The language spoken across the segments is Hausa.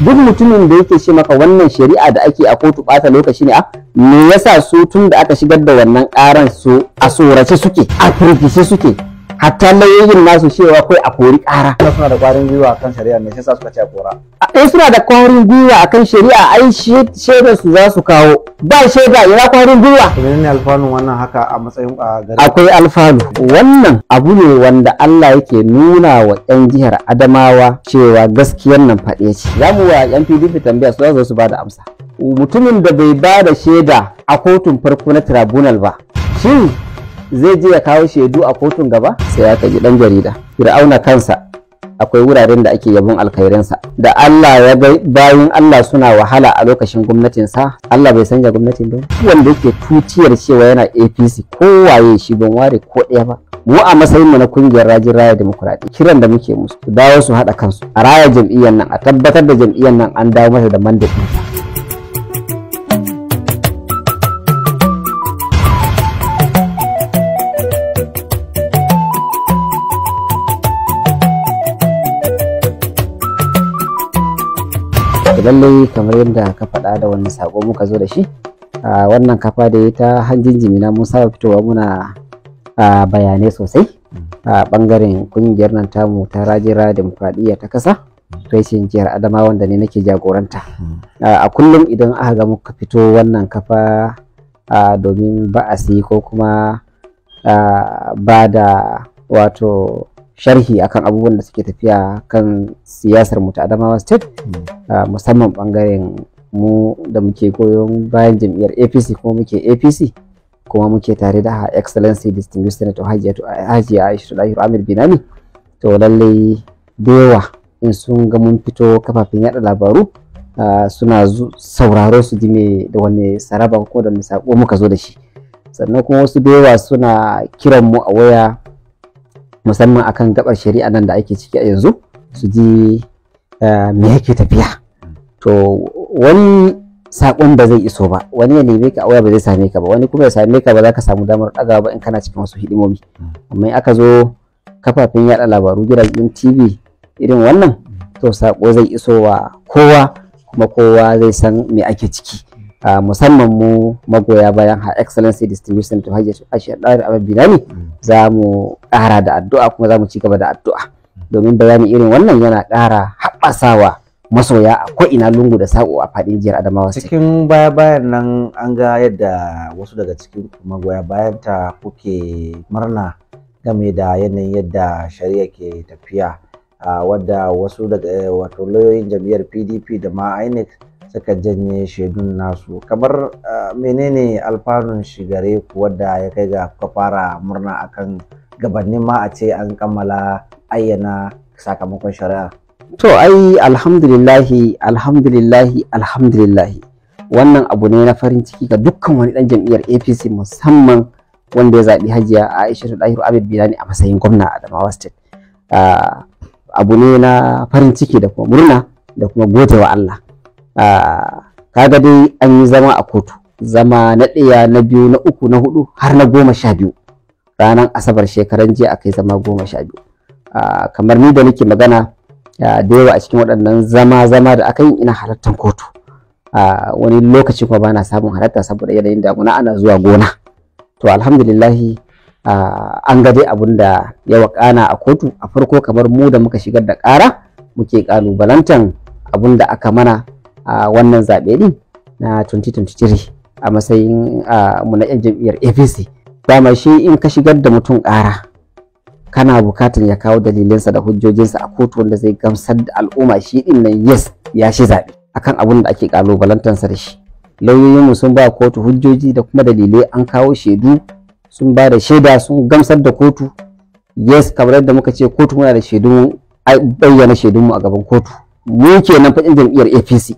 duk mutumin da yake ce maka wannan shari'a da ake a kotu bata lokaci ne a ah, me yasa su tun da aka shigar da wannan karan su a tsorace suke a firgice suke hatta lauyoyin nasu cewa kai a kori ƙara suna da ƙwarin gwiwa akan shari'a ne sai sa suka ce a kora in eh, suna da ƙwarin gwiwa akan shari'a ai shaidar su za su kawo ba shaida ya ƙwarin gwiwa menene ne alfanu wannan haka a matsayin a gari akwai alfanu wannan abu ne wanda Allah yake nuna wa 'yan jihar Adamawa cewa gaskiyar nan faɗe ce za mu wa 'yan PDP tambaya su zo su ba da amsa mutumin da bai ba da shaida a kotun farko na tribunal ba shin zai je ya kawo shaidu a kotun gaba sai ya kaji dan jarida fir'auna kansa akwai wuraren da ake yabon alkhairinsa da Allah ya bayan Allah suna wahala a lokacin gwamnatinsa Allah bai sanya gwamnatin ba wanda yake tuciyar cewa yana APC ko waye shi ban ware ko ɗaya ba mu a matsayin mu na kungiyar rajin raya demokuraɗi kiran da muke musu dawo su haɗa kansu a raya jam'iyyar nan a tabbatar da jam'iyyar nan an dawo masa da mandate lallai kamar yadda ka faɗa da wani sako muka zo da shi a wannan kafa da ta hanjin jimina mun saba fitowa muna a bayanai sosai a ɓangaren ƙungiyar nan tamu ta rajira demokradiyya ta ƙasa. reshen jihar adama wanda ne nake jagoranta a kullum idan aka ga muka fito wannan kafa domin ba'asi ko kuma ba da wato sharhi akan abubuwan da suke tafiya kan siyasar mu ta Adamawa State hmm. ah, musamman bangaren mu da muke goyon bayan jam'iyyar APC kuma muke APC kuma muke tare da Her Excellency Distinguished Senator Hajiya Aisha Lahir Amir Binani to lallai dewa in sun ga mun fito kafafen yada labaru ah, suna sauraro su ji da wani saraba ko da wani sako muka zo da shi sannan kuma wasu dewa suna kiran mu a waya musamman akan gabar shari'a nan da ake ciki a yanzu su ji eh, me yake tafiya to wani sakon ba zai iso ba wani ya neme ka waya ba zai same ka ba wani kuma ya same ka ba za ka samu damar ɗaga ba in kana cikin wasu hidimomi amma in aka zo kafafen yada labaru gidajen tv irin wannan to sako zai iso wa kowa kuma kowa zai san me ake ciki Ah, musamman mu magoya bayan ha excellency distribution to hajji ashir ɗari abin binani mm. za mu ƙara da addu'a kuma za mu ci gaba da addu'a domin bayani irin wannan yana ƙara haɓasawa masoya a ko'ina lungu da saƙo a faɗin jiyar adamawa cikin baya bayan nan an ga yadda wasu daga cikin magoya bayan ta kuke murna game da yanayin yadda shari'a ke tafiya ah, wadda wasu daga eh, wato lauyoyin jam'iyyar pdp da ma inec suka janye shaidun nasu kamar menene alfanun shigare ku wadda ya kai ga kuka fara murna akan gabanin ma a ce an kammala ayyana sakamakon shari'a to ai alhamdulillahi alhamdulillahi alhamdulillahi wannan abu ne na farin ciki ga dukkan wani dan jam'iyyar apc musamman wanda ya zaɓi hajiya aisha dahiru abid bilani a matsayin gwamna a adamawa state abu ne na farin ciki da kuma murna da kuma gode wa allah Ah, kaga dai an yi zama a kotu zama na ɗaya na biyu na uku na hudu har na goma sha biyu ranar asabar shekaran jiya akai zama goma sha biyu ah, kamar ni da nake magana ah, da yawa a cikin waɗannan zama zama da aka yi ina halartar kotu wani lokaci kuma bana samun halarta saboda yanayin damuna ana zuwa gona to alhamdulillahi an ga dai abun da ya wakana a kotu a farko kamar mu da muka shigar da ƙara muke ƙalubalantan abun da aka mana a wannan zaɓe din na 2023 a matsayin mu na yan jam'iyyar apc dama shi in ka shigar da mutum ƙara kana bukatar ya kawo dalilinsa da hujjojinsa a kotu wanda zai gamsar da al'umma shi din nan yes ya shi zaɓe akan abin da ake ƙalubalantarsa da shi lauyoyinmu sun ba kotu hujjoji da kuma dalilai an kawo shaidu sun ba da shaida sun gamsar da kotu yes kamar yadda muka ce kotu muna da shaidun bayyana shaidunmu a gaban kotu mu kenan fa'in jam'iyyar apc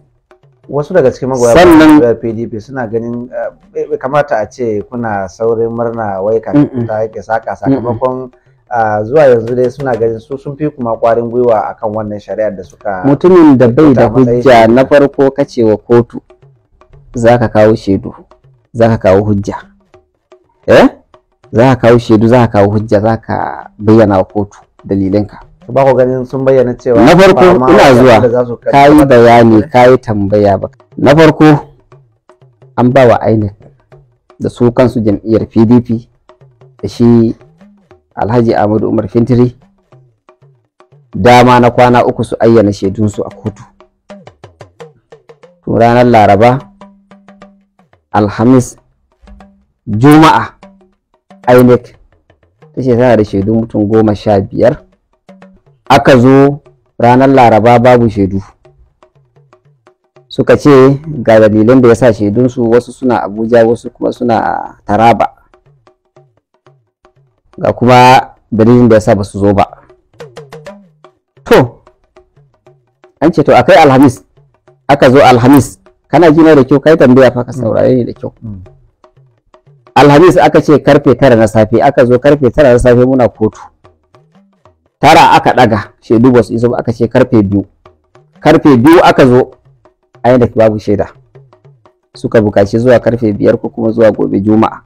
wasu daga cikin magoya bayan PDP suna ganin eh, kamata a ce kuna saurin murna wai ka ta yake saka sakamakon ah, zuwa yanzu dai suna ganin su sun fi kuma kwarin gwiwa akan wannan shari'ar da suka mutumin da bai da hujja na farko kace wa kotu zaka kawo shaidu zaka kawo hujja eh zaka kawo shaidu zaka kawo hujja zaka bayyana wa kotu dalilinka ba na farko ina zuwa kayi bayani kayi tambaya ba na farko an ba wa INEC da su kansu jam'iyyar PDP da shi Alhaji Ahmadu Umar Fintiri dama na kwana uku su ayyana shaidunsu a kotu to ranar Laraba Alhamis Juma'a INEC ta ce tana da shaidun mutum goma sha biyar aka zo ranar laraba babu shaidu suka ce ga dalilin da ya sa shaidunsu wasu suna abuja wasu kuma suna taraba ga kuma dalilin da ya sa ba su zo ba to an ce to akai alhamis aka zo alhamis kana jina da kyau kai tambaya fa ka saurare ni da kyau mm. Mm. alhamis aka ce karfe tara na safe aka zo karfe tara na safe muna kotu tara aka daga shaidu ba su isa ba aka ce karfe biyu karfe biyu aka zo a yadda babu shaida suka bukaci zuwa karfe biyar ko kuma zuwa gobe juma'a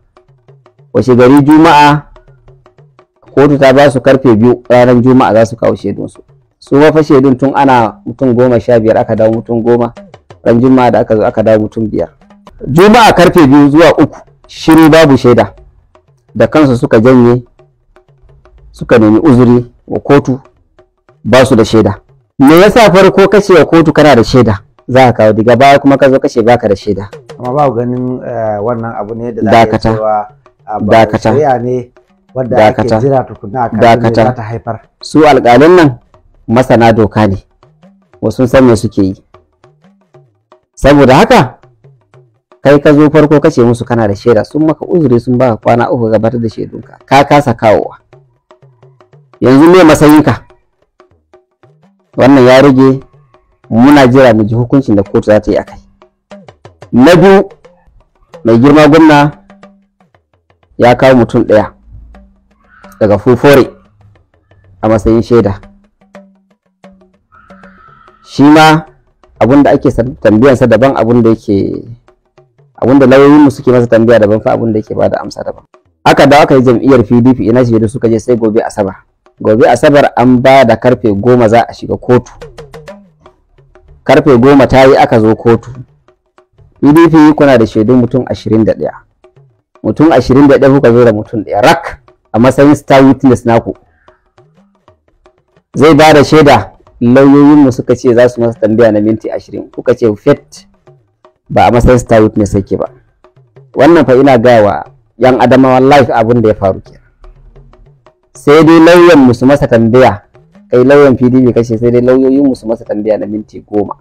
washe gari juma'a kotu ta ba su karfe biyu ranar juma'a za su kawo shaidunsu su fa shaidun tun ana mutum goma sha biyar aka dawo mutum goma ran juma'a da aka zo aka dawo mutum biyar juma'a karfe biyu zuwa uku shiru babu shaida da kansu suka janye suka nemi uzuri kotu ba su da shaida me yasa farko kace wa kotu kana da shaida za ka kawo daga baya kuma ka zo kace baka da shaida amma ba ganin eh, wannan abu ne da za ka cewa ah, dakata shari'a ne wanda ake jira tukuna akan ta haifar su alƙalin nan masana doka ne wasu san me suke yi saboda haka kai ka zo farko kace musu kana da shaida sun maka uzuri sun baka kwana uku gabatar da shaidunka ka kasa kawowa yanzu me matsayinka wannan ya rage muna jira mu ji hukuncin da kotu za ta yi akai na biyu mai girma gwamna ya kawo mutum ɗaya daga fufore a matsayin shaida shi ma abin da ake tambiyansa daban abin da yake abin da lauyoyinmu suke masa tambaya daban fa abin da yake bada amsa daban Haka da aka yi jam'iyyar pdp ina shi da suka je sai gobe asabar gobe asabar an ba da karfe goma za a shiga kotu karfe goma ta yi aka zo kotu pdp kuna da shaidun mutum ashirin da ɗaya mutum ashirin da ɗaya kuka zo da mutum ɗaya rak a matsayin star witness naku zai ba da shaida lauyoyinmu suka ce za su masa tambaya na minti ashirin kuka ce fet ba a matsayin star witness yake ba wannan fa ina gawa yan Adamawan life abin da ya faru ke sai dai lauyan musu masa tambaya kai lauyan pdp kashe sai dai lauyoyin musu masa tambaya na minti goma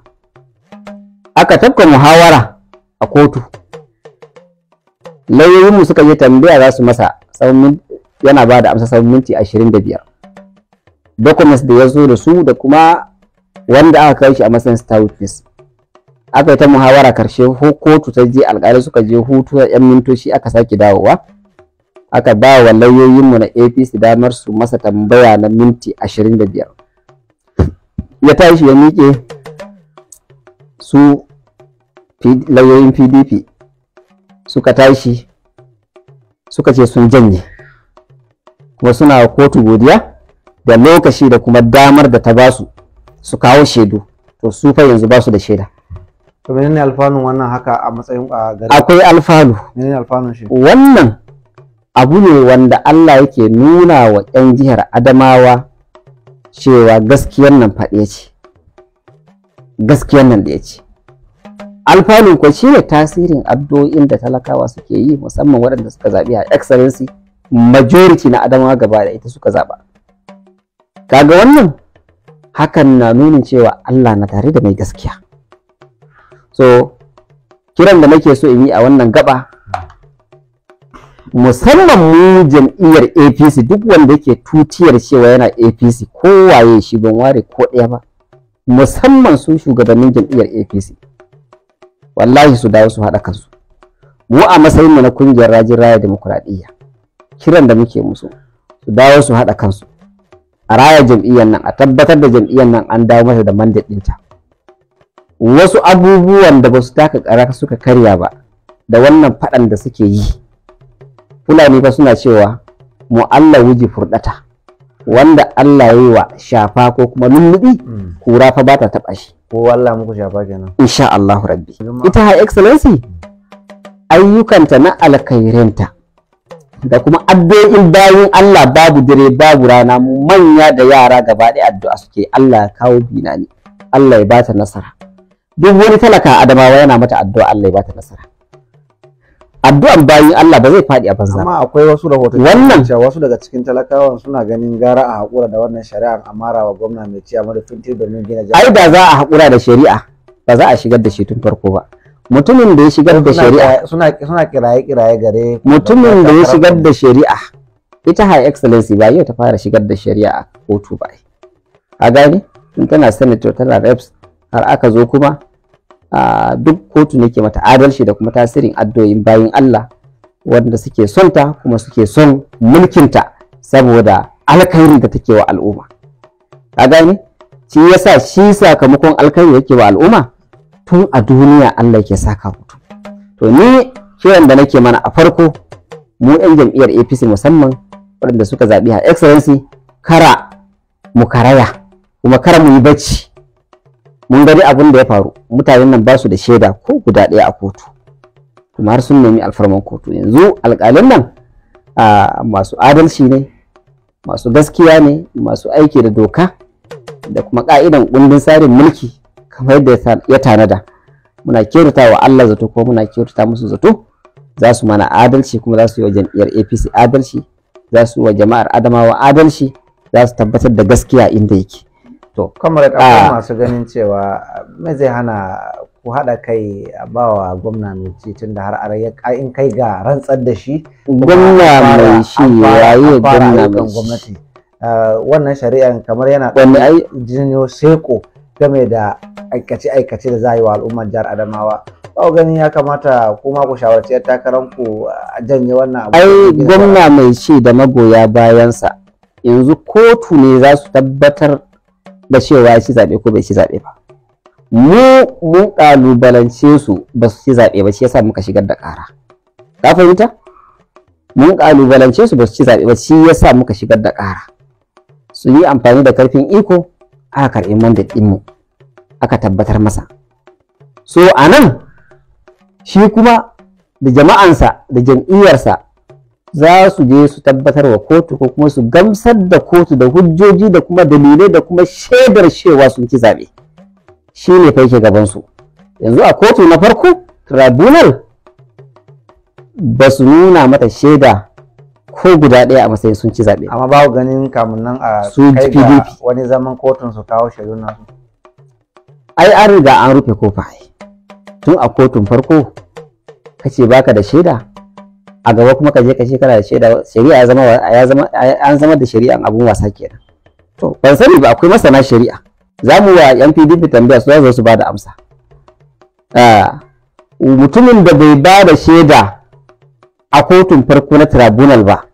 aka tafka muhawara a kotu lauyoyin mu suka yi tambaya za su masa yana ba da amsa tsawon minti ashirin da biyar documents da ya zo da su da kuma wanda aka kai shi a matsayin star witness aka yi ta muhawara karshe ko kotu ta je alƙalai suka je hutu yan mintoci aka sake dawowa aka ba wa lauyoyinmu na apc damar su masa tambaya na minti 25 ya tashi ya miƙe su lauyoyin pdp suka tashi suka ce sun janye kuma suna kotu godiya da lokaci da kuma damar da ta basu su kawo shaidu to su fa yanzu basu da shaida to menene alfanun wannan haka a matsayin a gari akwai alfanu menene alfanun shi wannan abu ne wanda Allah yake nuna wa 'yan jihar Adamawa cewa gaskiyar nan faɗe ce gaskiyar nan da ya ce alfanun kuwa shi ne tasirin addu'o'in da talakawa suke yi musamman waɗanda suka zaɓi a excellency majority na adamawa gaba da ita suka zaɓa kaga wannan hakan na nuna cewa Allah na tare da mai gaskiya so kiran da nake so in yi a wannan gaba musamman mu jam'iyyar apc duk wanda yake tutiyar cewa yana apc kowaye shi ban ware ko ɗaya ba musamman su shugabannin jam'iyyar apc wallahi su dawo su haɗa kansu mu a matsayinmu na kungiyar rajin raya demokuraɗiyya kiran da muke musu su dawo su haɗa kansu a raya jam'iyyar nan a tabbatar da jam'iyyar nan an dawo mata da mandat ɗinta wasu abubuwan da ba su taka ƙara suka karya ba da wannan faɗan da suke yi fulani ba suna cewa mu Allah wuji furdata wanda Allah ya yi wa shafa ko kuma lullubi hmm. kura fa ba ta taɓa shi ko Allah muku shafa kenan insha Allahu rabbi ita ha excellency hmm. ayyukanta na alkhairanta da kuma addu'o'in bayan Allah babu dare babu rana manya da yara gaba ɗaya addu'a suke Allah ya kawo binani Allah ya ba ta nasara duk wani talaka adamawa yana mata addu'a Allah ya ba ta nasara addu'an bayin Allah ba zai faɗi a banza amma akwai wasu rahotanni wannan wasu daga cikin talakawan suna ganin gara a hakura da wannan shari'a amara wa gwamna mai ciya da domin gina jami'a ai da za a hakura da shari'a ba za a shigar da shi tun farko ba mutumin da ya shigar da shari'a suna suna kiraye kiraye gare mutumin da ya shigar da shari'a ita high excellency ba yau ta fara shigar da shari'a a kotu ba a gani, tun tana senator tana reps har aka zo kuma duk kotu ne ke mata adalci da kuma tasirin addoyin bayin Allah wanda suke sonta kuma suke son mulkinta saboda alkhairi da take wa al'umma ka gane shi yasa shi sakamakon alkhairi yake wa al'umma tun a duniya Allah yake saka hutu. to ni kiran da nake mana a farko mu yan jam'iyyar APC musamman waɗanda suka zaɓi a excellency kara mu karaya kuma kara mu yi bacci mun gani abin da ya faru mutanen nan ba su da shaida ko guda ɗaya a kotu kuma har sun nemi alfarman kotu yanzu alƙalin nan masu adalci ne masu gaskiya ne masu aiki da doka da kuma ƙa'idan kundin tsarin mulki kamar yadda ya tanada muna kyautata wa Allah zato ko muna kyautata musu zato za su mana adalci kuma za su yi wa jam'iyyar APC adalci za su yi wa jama'ar Adamawa adalci za su tabbatar da gaskiya inda yake to kamar ah. masu ganin cewa me zai hana ku haɗa kai a bawa gwamna mai ci tun da har ya in kai ga rantsar da shi gwamna mai shi yayi gwamna mai gwamnati eh, wannan shari'an kamar yana jinyo seko game da aikace-aikace da za yi wa al'ummar jihar adamawa ba ganin ya kamata kuma ku shawarci takarar ku a janye wannan abu ai gwamna mai ci da magoya bayansa yanzu kotu ne za su tabbatar da cewa ya ci zaɓe ko bai ci zaɓe ba mu mun ƙalubalance su ba su ci zaɓe ba shi yasa muka shigar da ƙara ka fahimta mun ƙalubalance su ba su ci zaɓe ba shi yasa muka shigar da ƙara su yi amfani da ƙarfin iko aka karɓi manda ɗinmu aka tabbatar masa so a nan shi kuma da jama'ansa da jam'iyyarsa za su je su tabbatar wa kotu ko kuma su gamsar da kotu da hujjoji da kuma dalilai da kuma shaidar cewa sun ci zaɓe shi ne fa yake gabansu yanzu a kotu na farko tribunal ba su nuna mata shaida ko guda ɗaya a matsayin sun ci zaɓe amma babu ganin kamun nan a kai ga wani zaman kotun su kawo shaidu na ai an riga an rufe kofa tun a kotun farko kace baka da shaida a gaba kuma ka je ka shekara da shaida shari'a ya zama ya zama an zama da shari'a abun wasa kenan to ban sani ba akwai masana shari'a za mu wa yan PDP tambaya su zo su ba da amsa ah, mutumin da bai ba da shaida a kotun farko na tribunal ba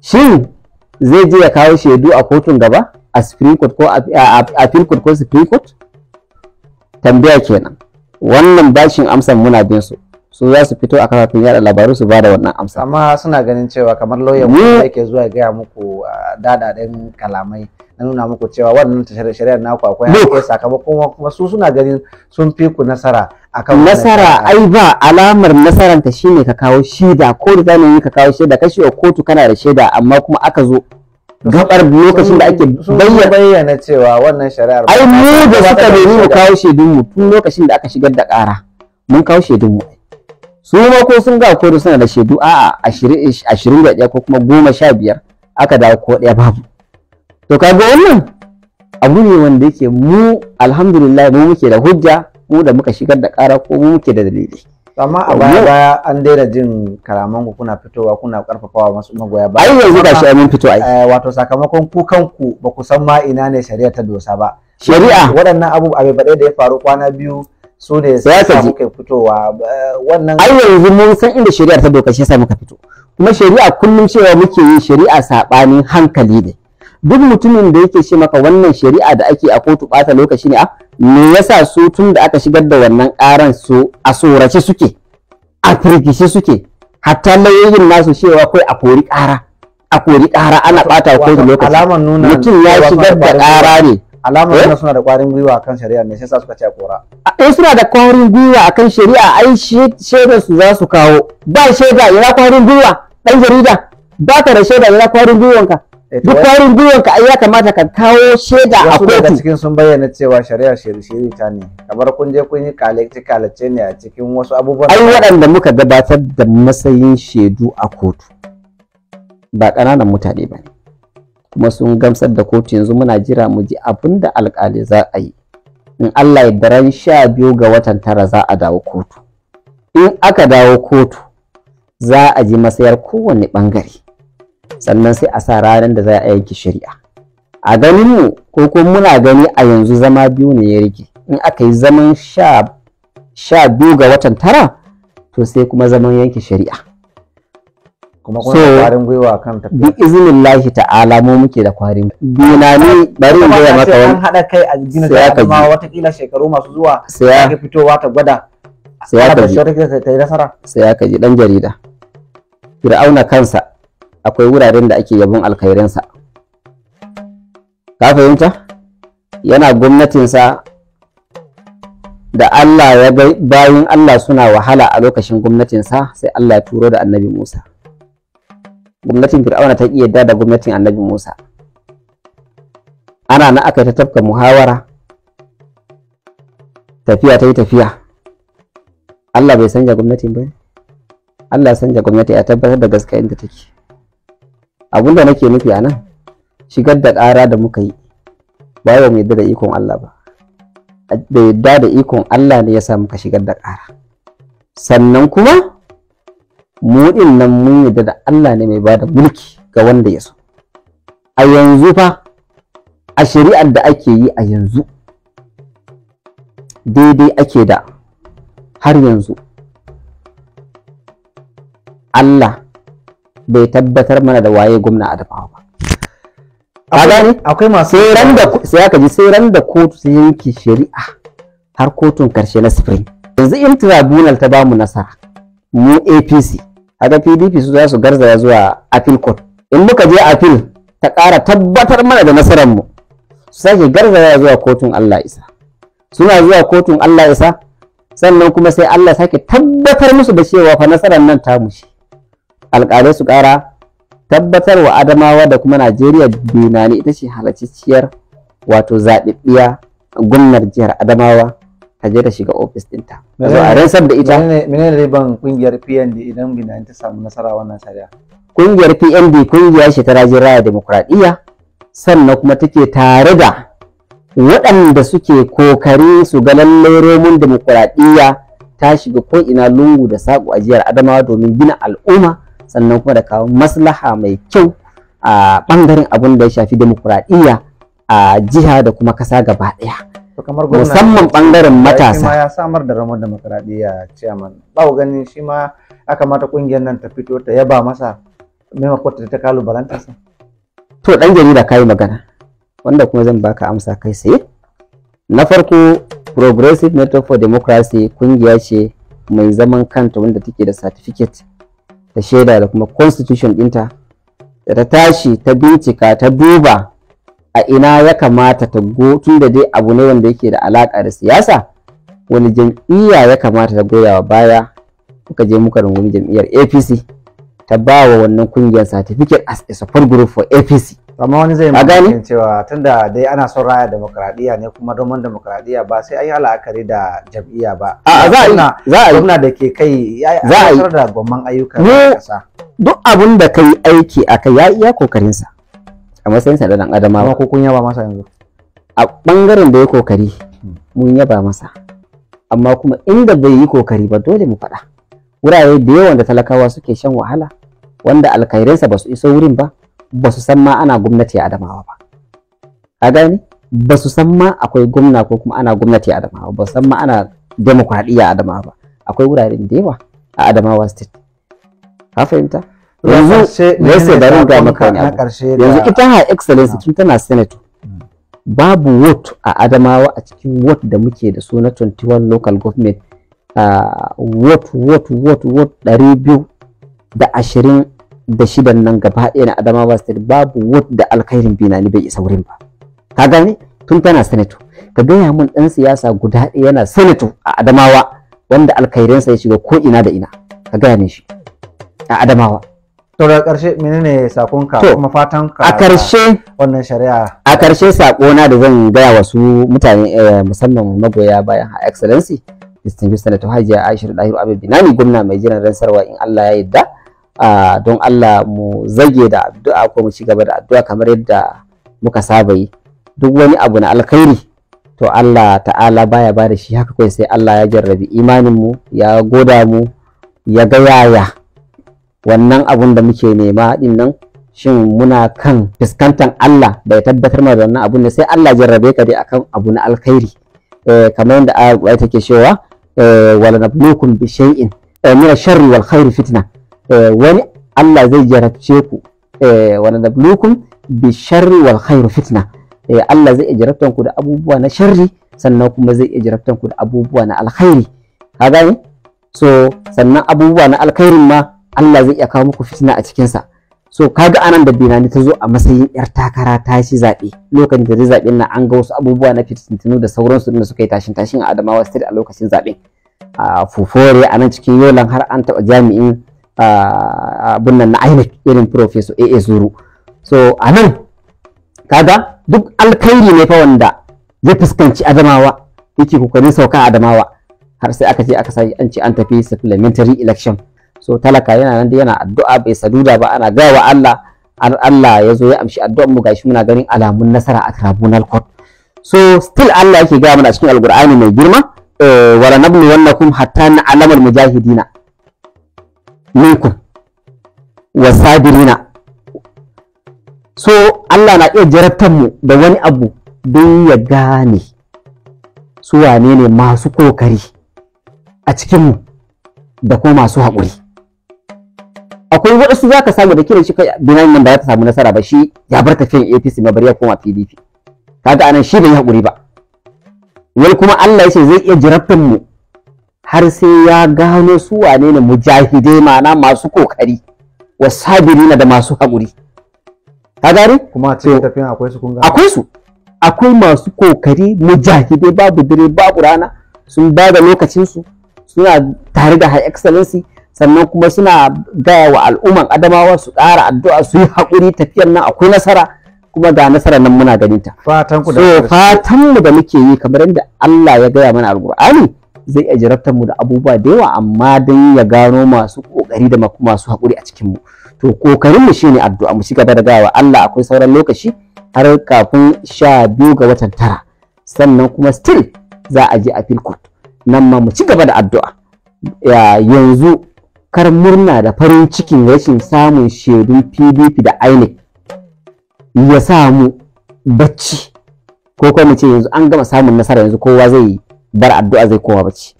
shin zai je ya kawo shaidu a kotun gaba a supreme court ko a appeal court ko supreme court tambaya kenan wannan bashin amsan muna bin su su za su fito a kafafen yada labaru su bada wannan amsa amma suna ganin cewa kamar lauyan da yake zuwa gaya muku dadaden kalamai na nuna muku cewa wannan tashar shari'ar naku akwai hakke sakamakon kuma su suna ganin sun fi ku nasara akan nasara ai ba alamar nasaran ta shine ka kawo shaida ko da zamu yi ka kawo shaida kashi a kotu kana da shaida amma kuma aka zo gabar lokacin da ake bayyana cewa wannan shari'ar ai mu da suka nemi mu kawo shaidun mu tun lokacin da aka shigar da ƙara mun kawo shaidun mu su ma ko sun ga kodo suna da shaidu a'a ashirin da ɗaya ko kuma goma sha biyar aka dawo ko ɗaya babu to kaga wannan abu ne wanda yake mu alhamdulillah mu muke da hujja mu da muka shigar da ƙara ko mu muke da dalili amma a baya baya an daina jin karaman ku kuna fitowa kuna karfafawa masu magoya ba. ai yanzu gashi an fito ai eh, wato sakamakon ku kanku ba ku san ma ina ne shari'a ta dosa ba shari'a waɗannan abu abu da ya faru kwana biyu su ne muke fitowa eh, wannan ai yanzu mun san inda shari'ar ta doka shi yasa muka fito kuma shari'a kullum cewa muke yi shari'a sabanin hankali ne duk mutumin da yake ce maka wannan shari'a da ake a kotu bata lokaci ne a ah, me yasa su tun da aka shigar da wannan karan su a sorace suke a firgishe suke hatta lauyoyin nasu cewa kai a kori kara a kori kara ana bata kotu lokaci mutum ya shigar da kara ne alamar suna eh? suna da kwarin gwiwa akan shari'a ne sai sa suka ce kora in eh, suna da kwarin gwiwa akan shari'a ai shaidar su za su kawo ba shaida ya kwarin gwiwa dan jarida ba ka da shaida ya kwarin gwiwanka eh, duk kwarin gwiwanka ai ya kamata ka kawo shaida a kotu daga cikin sun bayyana cewa shari'a shiri ta ne kamar kun je kun yi kalace kalace ne a cikin wasu abubuwan ai waɗanda muka gabatar da matsayin shaidu a kotu ba kananan mutane ba ne kuma sun gamsar da kotu yanzu muna jira mu ji abin da alkali za a yi in Allah ya ran sha biyu ga watan tara za a dawo kotu in aka dawo kotu za a ji masayar kowane bangare sannan sai a sa ranar da za a yanke shari'a a ganin mu ko kuma muna gani a yanzu zama biyu ne ya rike in aka yi zaman sha biyu ga watan tara to sai kuma zaman yanke shari'a kuma kuna da kwarin gwiwa kan tafiya bi izinin lahi ta'ala mu muke da kwarin gwiwa ne bari in gaya maka wani hada kai a gina ta kuma kila shekaru masu zuwa sai ka fitowa ta gwada sai ya kaji sai ya dan jarida fir'auna kansa akwai wuraren da ake yabon alkhairinsa ka fahimta yana gwamnatinsa da Allah ya bayin Allah suna wahala a lokacin gwamnatinsa sai Allah ya turo da annabi Musa gwamnatin fir'auna ta iya da gwamnatin annabi musa ana na aka ta tafka muhawara tafiya ta yi tafiya allah bai sanja gwamnatin ba allah sanja gwamnati ya tabbatar da gaskiya inda take abinda nake nufi a nan shigar da ƙara da muka yi ba wa mai da ikon allah ba bai yadda da ikon allah ne ya sa muka shigar da ƙara sannan kuma mu din nan mun yadda da Allah ne mai bada mulki ga wanda ya so a yanzu fa a shari'ar da ake yi a yanzu daidai ake da har yanzu Allah bai tabbatar mana da waye gwamna a dafawa ba a gane akwai masu sai ran da sai aka ji sai ran da kotu ta yanke shari'a har kotun karshe na spring yanzu in tribunal ta bamu nasara mu APC haka pdp su za su garzaya zuwa appeal court in muka je appeal ta ƙara tabbatar mana da nasarar mu su sake garzaya zuwa kotun allah isa suna zuwa kotun allah isa sannan kuma sai allah sake tabbatar musu da cewa fa nasarar nan ta mushi alƙalai su ƙara tabbatar wa adamawa da kuma najeriya binani ita ce halacciyar wato zaɓiɓɓiya gwamnar jihar adamawa ta je ta shiga ofis ɗinta. yanzu a rantsar da ita. Menene riban kungiyar PND idan Benin ta samu nasara wannan shari'a? Kungiyar PND kungiya ce ta rajin raya demokuraɗiyya sannan kuma take tare da waɗanda suke kokari su ga lallai romun demokuraɗiyya ta shiga ko ina lungu da saƙo ajiyar Adamawa domin gina al'umma sannan kuma da kawo maslaha mai kyau a bangaren abin da ya shafi demokuraɗiyya a jiha da kuma ƙasa gaba ɗaya. musamman bangaren matasa ya samar da ramar demokradiya chairman ba ganin shi ma ya kamata kungiyar nan ta fito ta yaba masa maimakon ta kalu sa to dan jarida kai magana wanda kuma zan baka amsa kai sai na farko progressive network for democracy kungiya ce mai zaman kanta wanda take da certificate da shaida da kuma constitution dinta da ta tashi ta bincika ta duba a ina ya kamata ta go tun da dai abu ne wanda yake da alaƙa da siyasa wani jam'iyya ya kamata ta goya wa baya muka je muka rungumi jam'iyyar APC ta ba wa wannan kungiyar certificate as a support group for APC amma wani zai mamakin cewa tunda dai ana son raya demokradiyya ne kuma domin demokradiyya ba sai an yi la'akari da jam'iyya ba a za a yi za a yi da ke kai ya yi da gwamman ayyukan kasa duk abin da kai aiki a kai ya iya kokarinsa a matsayin sa dan adama ba ko kun yaba masa yanzu a bangaren da ya kokari hmm. mun yaba masa amma kuma inda bai yi kokari ba dole mu faɗa wurare da yawan da talakawa suke shan wahala wanda alkhairinsa ba su iso wurin ba ba su san ma ana gwamnati a adamawa ba a gane ba su san ma akwai gwamna ko kuma ana gwamnati a adamawa ba san ma ana demokradiyya a adamawa ba akwai wuraren da yawa a adamawa state ka fahimta yanzu ne sai da ga maka yanzu ita ha excellence tun tana senate babu vote a adamawa a cikin vote da muke da su na 21 local government vote vote vote vote ɗari biyu da ashirin da shidan nan gaba ɗaya na adamawa state babu vote da alkhairin binani bai isa wurin ba ka gane tun tana senator ka gaya mun dan siyasa guda ɗaya yana senator a adamawa wanda alkhairinsa ya shiga ko ina da ina ka gane shi a adamawa Saura ƙarshe menene sakonka kuma fatan ka a ƙarshe wannan shari'a a ƙarshe sakona da zan gaya wa su mutane eh, musamman magoya bayan ha excellency distinguished senator hajiya aisha dahiru abin binani gwamna mai jiran ransarwa in allah ya yarda don allah mu zage da addu'a ko mu ci gaba da addu'a kamar yadda muka saba yi duk wani abu na alkhairi to Allah ta'ala baya ba da shi haka kai sai Allah ya jarrabi imanin mu ya goda mu ya gayaya. yaya wannan abun da muke nema din nan shin muna kan fuskantar Allah Bai tabbatar mana da wannan abun ne sai Allah jarrabe ka dai akan abu na alkhairi eh, kamar yadda ayat take cewa eh, wala nablukum bi shay'in eh, min sharri wal khairi fitna wani Allah zai jarabce ku wala nablukum bi sharri wal khairi fitna Allah zai jarabtan ku da abubuwa na sharri sannan kuma zai jarabtan ku da abubuwa na alkhairi ka gane so sannan abubuwa na alkhairin ma Allah zai iya kawo muku fitina a cikinsa so kaga anan da Binani ta zo a matsayin yar takara ta shi zaɓe lokacin da zai zaɓe na an ga wasu abubuwa na fitintinu da sauransu da suka yi tashin tashin a Adamawa State a lokacin zaɓe. a Fufore a nan cikin Yolan har an taɓa jami'in abun nan na INEC irin Professor AA Zuru so a nan kaga duk alkhairi ne fa wanda ya fuskanci Adamawa yake kokarin sauka Adamawa har sai aka je aka sai an ce an tafi supplementary election so talaka yana nan yana addu'a bai saduda ba ana gawa Allah an Allah ya zo ya amshi addu'a mu gashi muna ganin alamun nasara a tribunal court so still Allah yake gaya mana cikin alqur'ani mai girma eh, wala nabnu wannakum hatta na'lamal mujahidina minkum wasabirina so Allah na iya jarabtar mu da wani abu don ya gane su wane ne masu kokari a cikinmu da kuma masu haƙuri akwai wasu za ka samu da kiran shi kai binan nan ba za ta samu nasara ba shi ya bar tafiyan APC ma bari ya koma PDP kaga anan shi bai haƙuri ba wani kuma Allah yace zai iya jirafin mu har sai ya gano su wane ne mujahidai ma'ana masu kokari na da masu haƙuri ka gari? kuma a cikin tafiyan akwai su kun akwai su akwai masu kokari mujahidai babu dire babu rana sun ba da lokacinsu suna tare da high excellency sannan kuma suna gaya wa al'umman adamawa su ƙara addu'a su yi haƙuri tafiyar nan akwai nasara kuma ga nasarar nan muna ganin ta fatan da mu da muke yi kamar yadda Allah ya gaya mana alƙur'ani zai iya jarabtar mu da abubuwa da yawa amma dan ya gano masu kokari da masu haƙuri a cikin mu to kokarin mu shine addu'a mu shiga da gaya Allah akwai sauran lokaci har kafin sha biyu ga watan tara sannan kuma still za a je a filkot nan ma mu ci gaba da addu'a yanzu kar murna da farin cikin rashin samun shaidun pdp da inec ya samu bacci ko kuma mu ce yanzu an gama samun nasara yanzu kowa zai bar addu'a zai koma bacci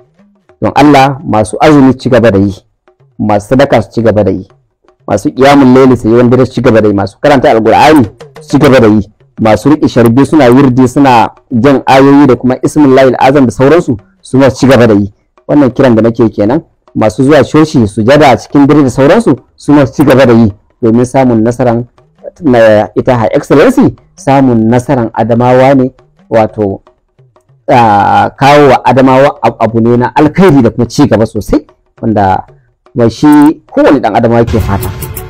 don allah masu azumi ci gaba da yi masu sadaka su ci gaba da yi masu kiyamun laili sai wanda su ci gaba da yi masu karanta alkur'ani su ci gaba da yi masu riƙe sharbi suna wirdi suna jan ayoyi da kuma ismin lahil azam da sauransu su ma ci gaba da yi wannan kiran da nake kenan masu zuwa coci sujada a cikin dare da sauransu su ma ci gaba da yi domin samun nasaran na ita high excellency samun nasaran adamawa ne wato kawo wa adamawa abu ne na alkhairi da kuma ci gaba sosai wanda mai shi kowane dan adamawa ke fata